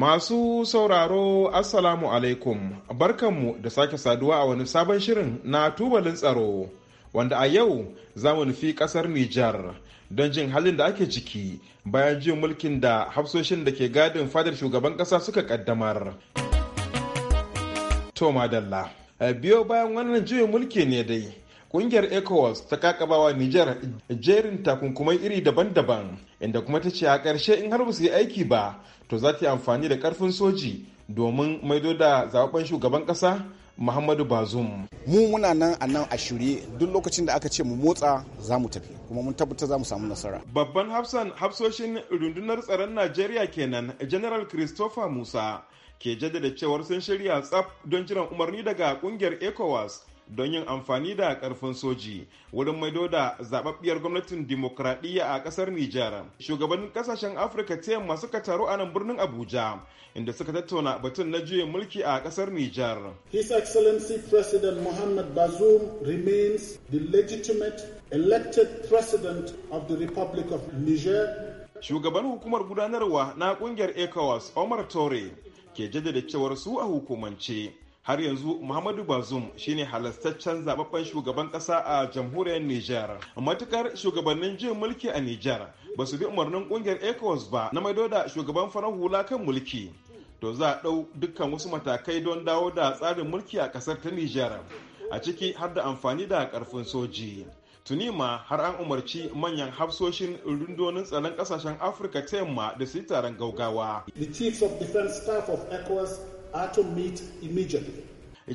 Masu sauraro Assalamu alaikum barkanmu da sake saduwa a wani sabon shirin na tubalin tsaro wanda a yau za mu nufi kasar Nijar don jin halin da ake ciki bayan jin mulkin da hafsoshin da ke gadin fadar shugaban kasa suka kaddamar. Toma Dalla. Eh, biyo bayan wannan juyin mulki ne dai kungiyar ecowas ta kakabawa nijar jerin takunkumai iri daban-daban inda kuma ta ce a ƙarshe in har ba su yi aiki ba to za ta yi amfani da ƙarfin soji domin maido da zaɓen shugaban ƙasa muhammadu bazum mu muna nan a nan a shirye duk lokacin da aka ce mu motsa za mu tafi kuma mun tabbata za mu samu nasara babban hafsan hafsoshin rundunar tsaron najeriya kenan general christopher musa ke jaddada cewar sun shirya tsaf don jiran umarni daga kungiyar ecowas don yin amfani da karfin soji wurin maido da zababbiyar gwamnatin dimokuraɗiyya a ƙasar Nijar. Shugabannin ƙasashen Afirka ta yamma suka taru a nan birnin Abuja inda suka tattauna batun na juyin mulki a ƙasar Nijar. His Excellency President Mohamed Bazoum remains the legitimate elected president of the Republic of Niger. Shugaban hukumar gudanarwa na ƙungiyar ECOWAS Omar Tore ke jaddada cewar su a hukumance har yanzu muhammadu bazum shine halastaccen zababben shugaban kasa a jamhuriyar niger matukar shugabannin jin mulki a niger ba su bi umarnin kungiyar ecowas ba na maido da shugaban farar hula kan mulki to za a ɗau dukkan wasu matakai don dawo da tsarin mulki a kasar ta niger a ciki har da amfani da karfin soji tuni ma har an umarci manyan hafsoshin rundunonin tsaron kasashen afirka ta yamma da su yi taron gaugawa the chiefs of defense staff of ecowas atom meat immediately.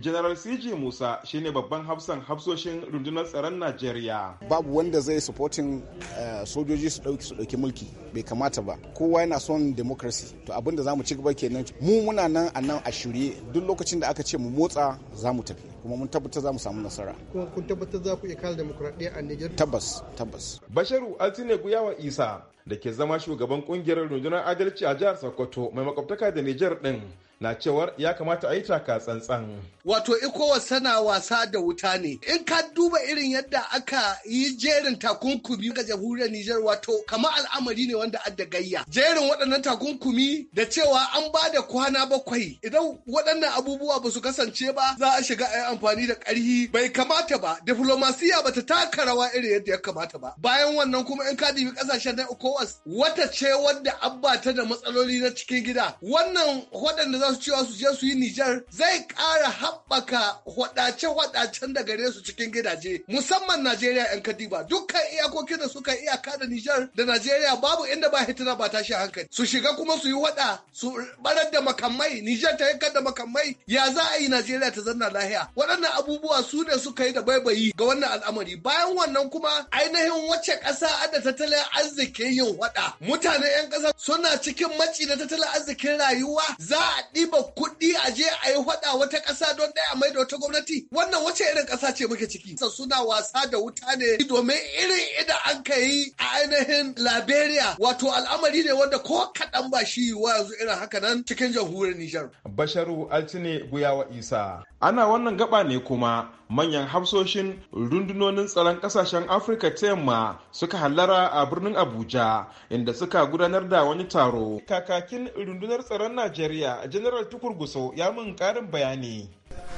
General CG Musa shine babban hafsan hafsoshin rundunar tsaron Najeriya. Babu wanda zai supporting eh, sojoji su dauki su dauki mulki bai kamata ba. Kowa yana son democracy. To abinda zamu ci gaba kenan mu muna nan a nan a shirye duk lokacin da aka ce mu motsa za mu tafi kuma mun tabbatar za mu samu nasara. Kuma kun tabbatar za ku iya kare demokradiyya a Niger? Tabbas, tabbas. Basharu Altine Guyawa Isa da ke zama shugaban kungiyar rundunar adalci a jihar Sokoto mai makwabtaka da Nijar din na cewar ya kamata a yi taka tsantsan. Wato ECOWAS sana wasa da wuta ne. In ka duba irin yadda aka yi jerin takunkumi ga jamhuriyar Nijar wato kama al'amari ne wanda adda gayya. Jerin waɗannan takunkumi da cewa an ba da kwana bakwai idan waɗannan abubuwa ba su kasance ba za a shiga a yi amfani da ƙarhi bai kamata ba. Diflomasiya ba ta taka rawa irin yadda ya kamata ba. Bayan wannan kuma in ka dubi ƙasashen na ECOWAS ECOWAS wata ce wadda abba ta da matsaloli na cikin gida. Wannan waɗanda za su cewa su je su yi Nijar zai ƙara haɓaka hwaɗace-hwaɗacen da gare su cikin gidaje musamman Najeriya 'yan Kadiba dukkan iyakokin da suka iyaka da Nijar da Najeriya babu inda ba hitina ba tashi hankali su shiga kuma su yi waɗa su barar da makamai Nijar ta yankar da makamai ya za a yi Najeriya ta zanna lahiya waɗannan abubuwa su ne suka yi da baibayi ga wannan al'amari bayan wannan kuma ainihin wacce ƙasa da tattalin arzikin yin hwada mutane 'yan ƙasa suna cikin matsi na tattalin arzikin rayuwa za a ɗiba kuɗi a je a yi hwada wata ƙasa don ɗaya mai da wata gwamnati wannan wace irin ƙasa ce muke ciki suna wasa da wuta ne domin irin idan an ka yi a ainihin liberia wato al'amari ne wanda ko kaɗan ba shi wa yanzu irin haka nan cikin jamhuriyar nijar basharu altine guyawa isa ana wannan gaba ne kuma manyan hafsoshin rundunonin tsaron ƙasashen afirka ta yamma suka hallara a birnin abuja inda suka gudanar da wani taro. Kakakin rundunar tsaron Najeriya General Tukur Guso ya mun karin bayani.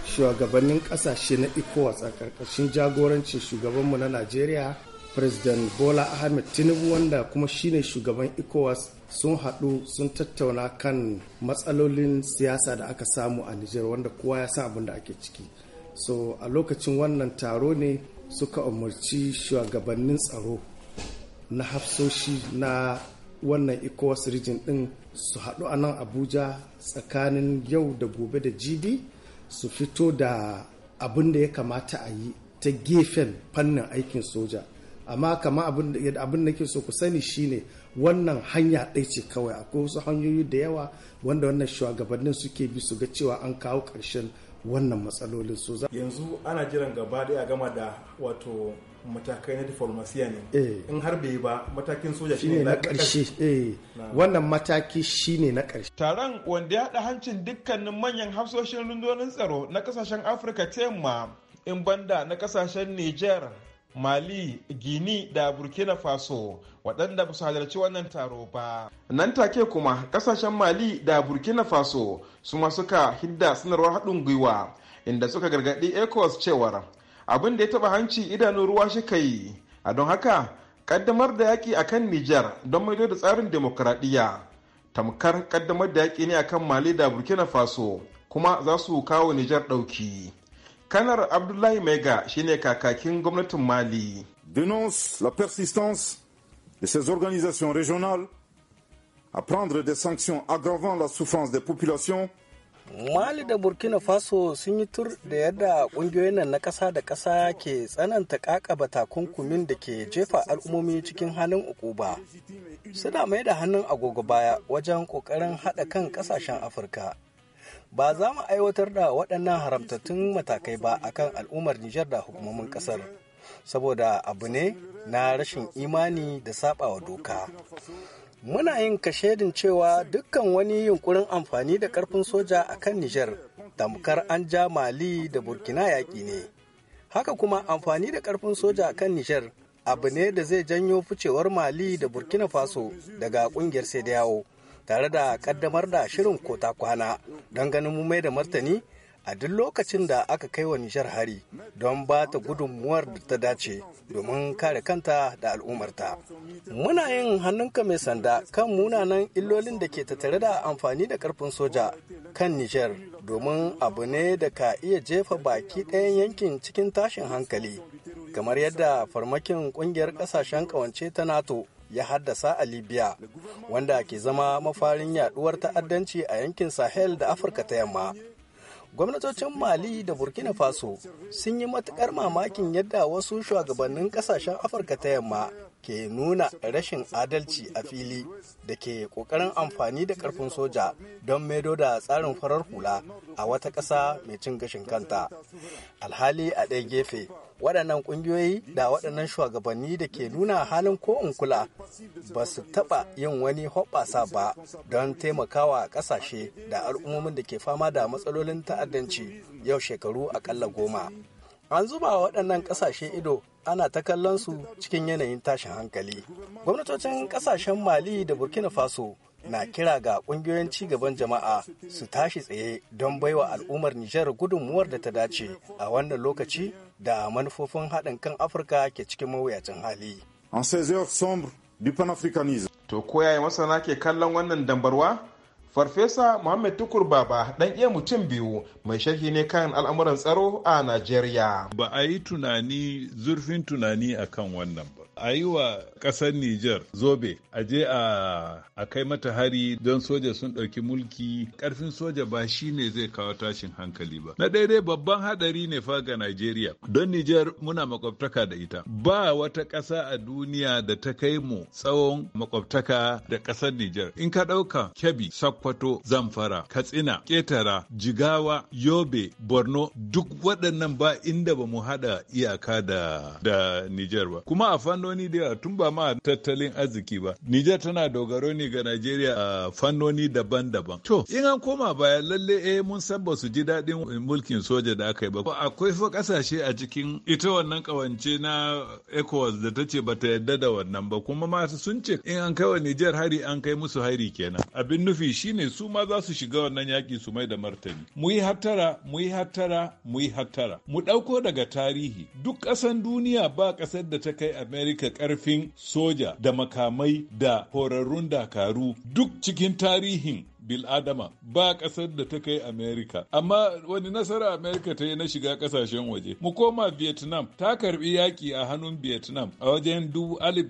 Shugabannin ƙasashe na ECOWAS a ƙarƙashin jagorancin shugabanmu na Najeriya President Bola Ahmed Tinubu wanda kuma shine shugaban ECOWAS sun haɗu sun tattauna kan matsalolin siyasa da aka samu a Nijar wanda kowa ya san abin da ake ciki. So a lokacin wannan taro ne suka umarci shugabannin tsaro na hafsoshi na wannan ecowas region din su haɗu a nan abuja tsakanin yau da gobe da jibi su fito da abin da ya kamata a yi ta gefen fannin aikin soja amma kama abin da ke so ku sani shine wannan hanya ɗai ce kawai akwai wasu hanyoyi da yawa wanda wannan shugabannin suke bi su ga cewa an kawo karshen wannan matsalolin so yanzu ana jiran gaba daya gama da wato matakai na diplomasiya ne eh. in har bai ba matakin soja shine na karshe eh. wannan mataki shine na karshe taron wanda ya haɗa hancin dukkanin manyan hafsoshin rundunar tsaro na kasashen afirka ta yamma in banda na kasashen niger mali gini da burkina faso waɗanda ba su halarci wannan taro ba nan take kuma kasashen mali da burkina faso su ma suka hidda sanarwar haɗin gwiwa inda suka gargaɗi ecos cewar abin da ya taba hanci idanu ruwa shi kai a don haka kaddamar da yaƙi akan Nijar don maido da tsarin demokradiyya tamkar kaddamar da yaƙi ne akan Mali da Burkina Faso kuma za su kawo Nijar ɗauki. Kanar Abdullahi Mega shine kakakin gwamnatin Mali. Dénonce la persistance de ces organisations régionales à prendre des sanctions aggravant la souffrance des populations mali da burkina faso sun yi tur da yadda kungiyoyin nan na ƙasa da ƙasa ke tsananta ƙaƙaba takunkumin da ke jefa al'ummomi cikin halin ukuba suna mai da hannun agogo baya wajen ƙoƙarin haɗa kan ƙasashen afirka ba za mu aiwatar da waɗannan haramtattun matakai ba a kan al'ummar nijar da hukumomin ƙasar saboda abu ne na rashin imani da saɓawa doka muna yin kashedin cewa dukkan wani yunkurin amfani da karfin soja a kan Nijar tamkar an ja Mali da Burkina yaƙi ne. Haka kuma amfani da karfin soja a kan Nijar abu ne da zai janyo ficewar Mali da Burkina Faso daga ƙungiyar sai da yawo tare da ƙaddamar da shirin kota kwana don ganin mu mai da martani a duk lokacin da aka kai wa Nijar hari don ba ta gudunmuwar da ta dace domin kare kanta da al'ummarta. Muna yin hannunka mai sanda kan munanan illolin da ke tattare da amfani da karfin soja kan Nijar domin abu ne da ka iya jefa baki ɗayan yankin cikin tashin hankali kamar yadda farmakin ƙungiyar ƙasashen ƙawance ta NATO ya haddasa a libya wanda ke zama mafarin yaɗuwar ta'addanci a yankin sahel da afirka ta yamma gwamnatocin mali da burkina faso sun yi matukar mamakin yadda wasu shugabannin kasashen afirka ta yamma ke nuna rashin adalci a fili da ke ƙoƙarin amfani da ƙarfin soja don maido da tsarin farar hula a wata ƙasa mai cin gashin kanta. Alhali a ɗaya gefe, waɗannan ƙungiyoyi da waɗannan shugabanni da ke nuna halin ko in kula ba su taɓa yin wani hoɓasa ba don taimakawa ƙasashe da al'ummomin da ke fama da matsalolin ta'addanci yau shekaru aƙalla goma. An zuba waɗannan ƙasashe ido ana ta kallon su cikin yanayin tashin hankali gwamnatocin kasashen mali da burkina faso na kira ga kungiyoyin cigaban jama'a su tashi tsaye don baiwa al'ummar nijar gudunmuwar da ta dace a wannan lokaci da manufofin haɗin kan afirka ke cikin mawuyacin hali to koyaye masana ke kallon wannan dambarwa Farfesa muhammed Tukur Baba dan iya mutum biyu mai sharhi ne kan al'amuran tsaro a Najeriya. Ba a yi tunani zurfin tunani akan wannan ba. a yi wa ƙasar Nijar zobe a je a kai mata hari don soja sun ɗauki mulki ƙarfin soja ba shi ne zai kawo tashin hankali ba. Na daidai babban haɗari ne fa ga Najeriya don Nijar muna makwabtaka da ita. Ba wata ƙasa a duniya da ta kai mu tsawon makwabtaka da ƙasar Nijar. In ka ɗauka Kebbi, Sakkwato Zamfara, Katsina, Ƙetara, Jigawa, Yobe, Borno duk waɗannan ba inda ba mu haɗa iyaka da, da Nijar ba. Kuma a fannin fannoni da yawa tun ba ma tattalin arziki ba. Nijar tana dogaro ne ga Najeriya a fannoni daban-daban. To, in an koma baya lalle eh mun san ba su ji daɗin mulkin soja da aka yi ba. Akwai fa kasashe a cikin ita wannan kawance na ECOWAS da ta ce bata yarda da wannan ba kuma ma sun ce in an kai wa Nijar hari an kai musu hari kenan. Abin nufi shine su ma za su shiga wannan yaki su mai da martani. Mu yi hattara, mu yi hattara, mu yi hattara. Mu ɗauko daga tarihi. Duk ƙasan duniya ba ƙasar da ta kai America ka karfin soja da makamai da horarrun dakaru duk cikin tarihin bil adama. ba kasar da ta kai america amma wani nasara america ta yi na shiga kasashen waje mu koma vietnam ta karbi yaki a hannun vietnam a wajen dubu alif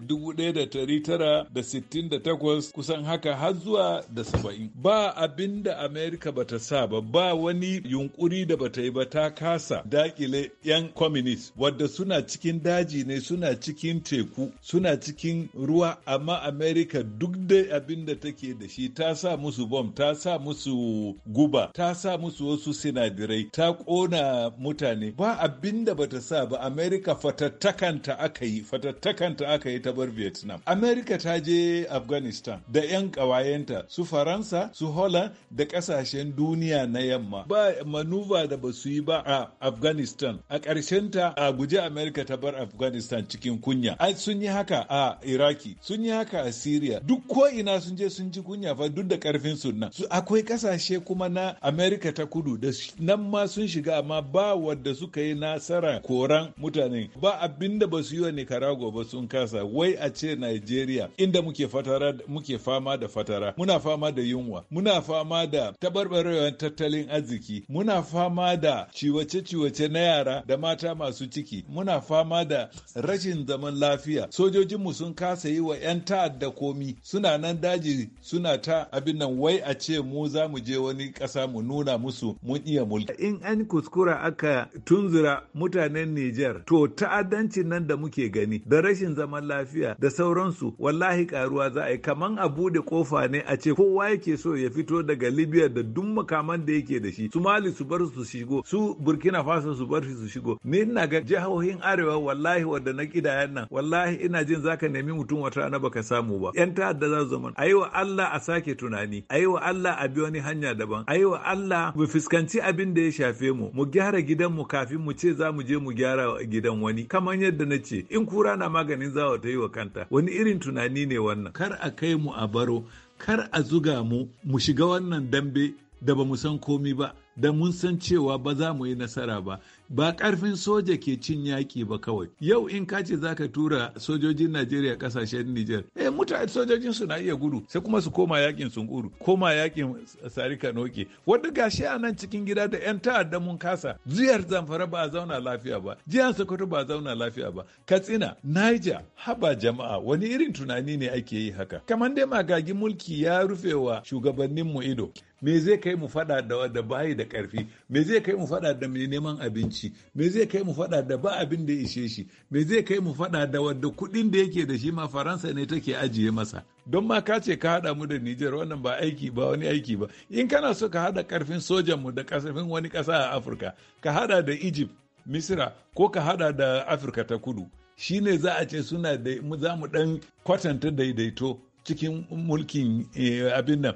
da sittin da takwas kusan haka har zuwa da saba'in ba abin da america ba ta sa ba ba wani yunkuri da ba ta yi ba ta kasa dakile yan communist wadda suna cikin daji ne suna cikin teku suna cikin ruwa amma america duk da abin da take da shi ta sa musu bom bomb ta sa musu guba ta sa musu wasu sinadirai ta kona mutane ba abin da bata sa ba america fatattakanta aka yi fatattakanta aka yi ta bar vietnam america ta je afghanistan da 'yan kawayenta su faransa su holland da kasashen duniya na yamma ba manuva da ba su yi ba a afghanistan a ta a guji america ta bar afghanistan cikin kunya ai sun yi haka a iraki sun yi haka a syria duk ko ina sun je sun ji kunya fa duk da karfin su nan akwai kasashe kuma na amerika ta kudu da nan ma sun shiga amma ba wadda suka yi nasara koran mutane ba abin da ba su yi wa nicaragua ba sun kasa wai a ce nigeria inda muke fatara muke fama da fatara muna fama da yunwa muna fama da tabarbarewar tattalin arziki muna fama da ciwace-ciwace na yara da mata masu ciki muna fama da rashin zaman lafiya sojojinmu sun kasa yi wa 'yan ta'adda komi suna nan daji suna ta abin nan wai a ce mu za mu je wani kasa mu nuna musu mun iya mulki. In an kuskura aka tunzura mutanen Nijar to ta'addanci nan da muke gani da rashin zaman lafiya da sauransu wallahi karuwa za a yi kaman a bude kofa ne a ce kowa yake so ya fito daga Libya da duk makaman da yake da shi su Mali su bar su shigo su Burkina Faso su bar su shigo ni ina ga jihohin arewa wallahi wadda na kidayan nan wallahi ina jin zaka nemi mutum wata rana baka samu ba yan ta'adda za su zama Allah a sake tunani ayi wa Allah a bi wani hanya daban a wa Allah mu fuskanci abin da ya shafe mu mu gyara gidan mu kafin mu ce za mu je mu gyara gidan wani kamar yadda na ce in kura na maganin zawa ta yi wa kanta wani irin tunani ne wannan kar a kai mu a baro kar a zuga mu mu shiga wannan dambe da ba mu san komi ba da mun san cewa ba za mu yi nasara ba ba karfin soja ke cin yaƙi ba kawai yau in ka ce za ka tura sojojin najeriya ƙasashen niger eh mutane sojojin su na iya gudu sai kuma su koma yaƙin sunkuru koma yaƙin Sari noke wanda gashi a nan cikin gida da yan ta'adda mun kasa jihar zamfara ba a zauna lafiya ba jihar sokoto ba a zauna lafiya ba katsina niger haba jama'a wani irin tunani ne ake yi haka kamar dai magagin mulki ya rufe rufewa shugabanninmu ido me zai kai mu fada da wanda bayi da karfi me zai kai mu fada da mai neman abinci me zai kai mu fada da ba abin da ishe shi me zai kai mu fada da wanda kudin da yake da shi ma faransa ne take ajiye masa don ma ka ce ka hada mu da Nijar wannan ba aiki ba wani aiki ba in kana so ka haɗa karfin sojan mu da karfin wani kasa a Afirka ka haɗa da Egypt Misira ko ka hada da Afirka ta Kudu shine za a ce suna da za mu dan kwatanta daidaito cikin mulkin eh, abin nan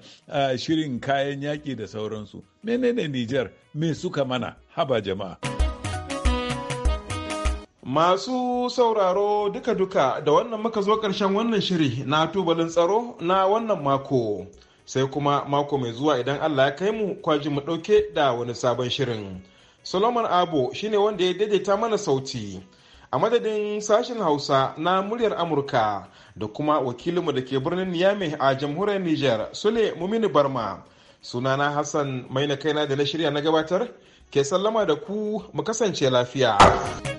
shirin kayan yaƙi da sauransu menene Nijar me suka mana haba jama'a Masu sauraro duka-duka da wannan muka zo ƙarshen wannan shiri na tubalin tsaro na wannan mako. Sai kuma mako mai zuwa idan Allah ya kai mu kwaji mu ɗauke da wani sabon shirin. Solomon Abo shine wanda ya daidaita mana sauti. a madadin sashen hausa na muryar amurka da kuma wakilinmu da ke birnin niamey a jamhuriyar niger sule mumini barma sunana hassan mai na kaina da na shirya na gabatar ke sallama da ku mu kasance lafiya